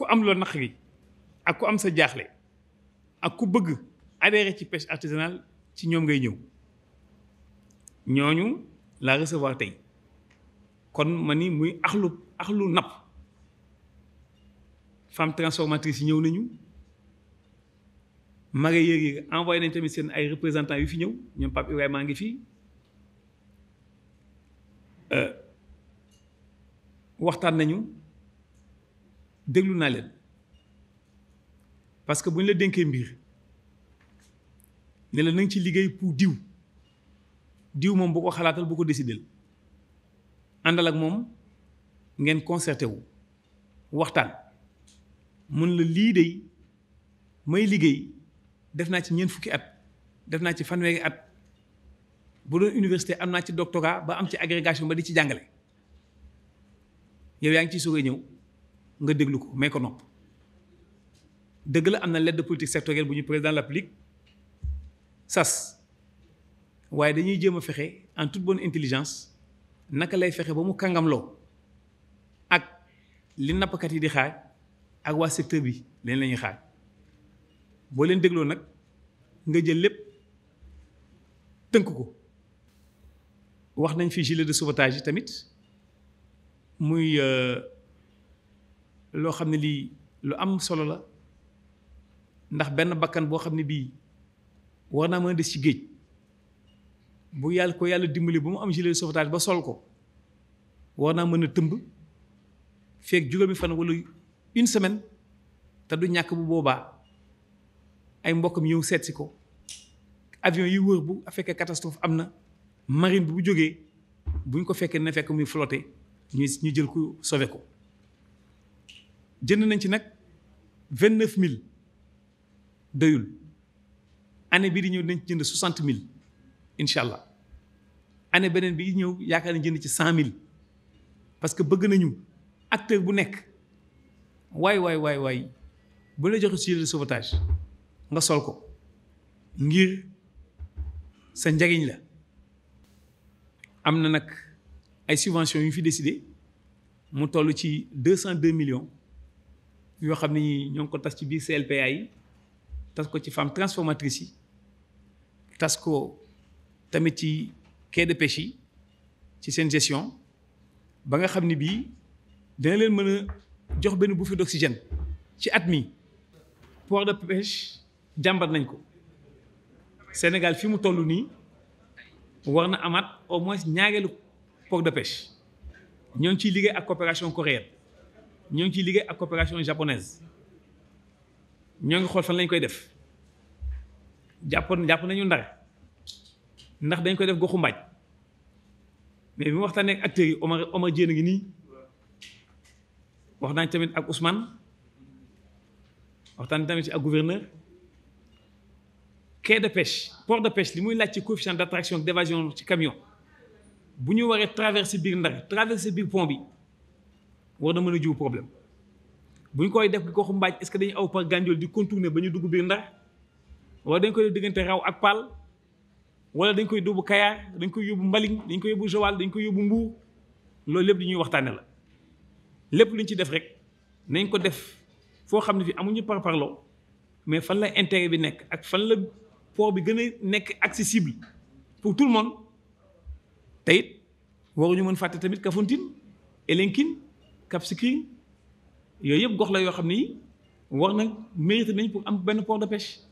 ku am loo naqari ak ku am sa jaaxle ak ku bëgg adhérer ci pêche artisanale ci ñoom ngay ñëw ñooñu la recevoir tey kon ma ni muy axlu axlu napp femme transformatrice yi ñëw nañu magay mareyeurs yi envoyé nañ tamit seen ay représentants yu fi ñëw ñoom Pape Ibrahima ngi fii euh, waxtaan nañu déglu naa leen parce que bu ñu la dénkee mbir ne la nañ ci liggéey pour diw diw moom bu ko xalaatal bu ko décidel àndal ak moom ngeen concerté wu waxtaan mën la lii de may liggéey def naa ci ñeent fukki at def naa ci fanweeri at bu doon université am naa ci doctorat ba am ci agrégation ba di ci jàngale yow yaa ngi ciy soogay ñëw nga déglu ko may ko nopp dëgg la am na lettre de politique sectorielle bu ñu président l'applique sas waaye dañuy jéem a fexe en toute bonne intelligence naka lay fexe ba mu kàngamloo ak li nappkat yi di xaar ak waa secteur bi leen la ñuy xaar boo leen dégloo nag nga jël lépp tënk ko wax nañ fi gilet de sauvetage yi tamit muy euh, loo xam ne lu am solo la ndax benn bakkan boo a des ci géej bu yàlla ko yàlla dimbali mu am sauvetage ba sol ko war naa mën a tëmb feeg juróomi une semaine te du ñàkk bu boobaa ay mbokkam seet ko avion yi wër bu fekkee catastrophe marine bi bu buñ ko muy ñu ñu nous avons obtenu 29 000 de l'argent. Cette année, nous avons obtenu 60 000 d'argent. Cette année, nous avons obtenu 100 000 Parce que nous voulons être des acteurs. Mais, mais, mais, mais... Si vous voulez recevoir des sauvetages, le faire. Nous, nous sommes les propres. Il y a des subventions qui ont été décidées. Je vous en 202 millions yoo xam ne nous ñoo ngi ko tas ci biir CLPA yi tas ko ci femme transformatrice yi tas ko tamit ci quai de pêche yi ci seen gestion ba nga xam ne bii dina leen mën a jox benn bouffée d'oxygène ci at mi port de pêche jàmbat nañ ko Sénégal fi mu toll nii war na amaat au moins ñaareelu port de pêche ñoo ngi ciy liggéey ak coopération coréenne ñoo ngi ciy liggéey ak coopération japonaise ñoo ngi xool fan lañ koy def jàpp jàpp nañu ndar ndax dañ koy def goxu mbaaj mais bi mu waxtaanee ak acteurs yi Omar Omar Dieng a ngi nii wax nañ tamit ak Ousmane waxtaan tamit ci ak gouverneur quai de pêche port de pêche li muy laaj ci coefficient d'attraction d'évasion ci camion bu ñu waree traverser biir ndar traverser biir pont bi. war na mën a jiw problème bu ñu koy def gi ko xu mbaaj est dañu aw par gànjool di contourner ba ñu dugg biir ndar wala dañ koy def diggante raw ak paal wala dañ koy dubu kayaar dañ koy yóbbu mbaling dañ koy yóbbu joal dañ koy yóbbu mbuur loolu lépp li ñuy waxtaane la lépp lu ñu ci def rek nañ ko def foo xam ne fi amuñu par parloo mais fan la intérêt bi nekk ak fan la port bi gën a nekk accessible pour tout le monde te waruñu mën fàtte tamit Kafountine Elinkine Cap Skirring yooyu yëpp gox la yoo xam ni war na mérité nañ pour am benn port de pêche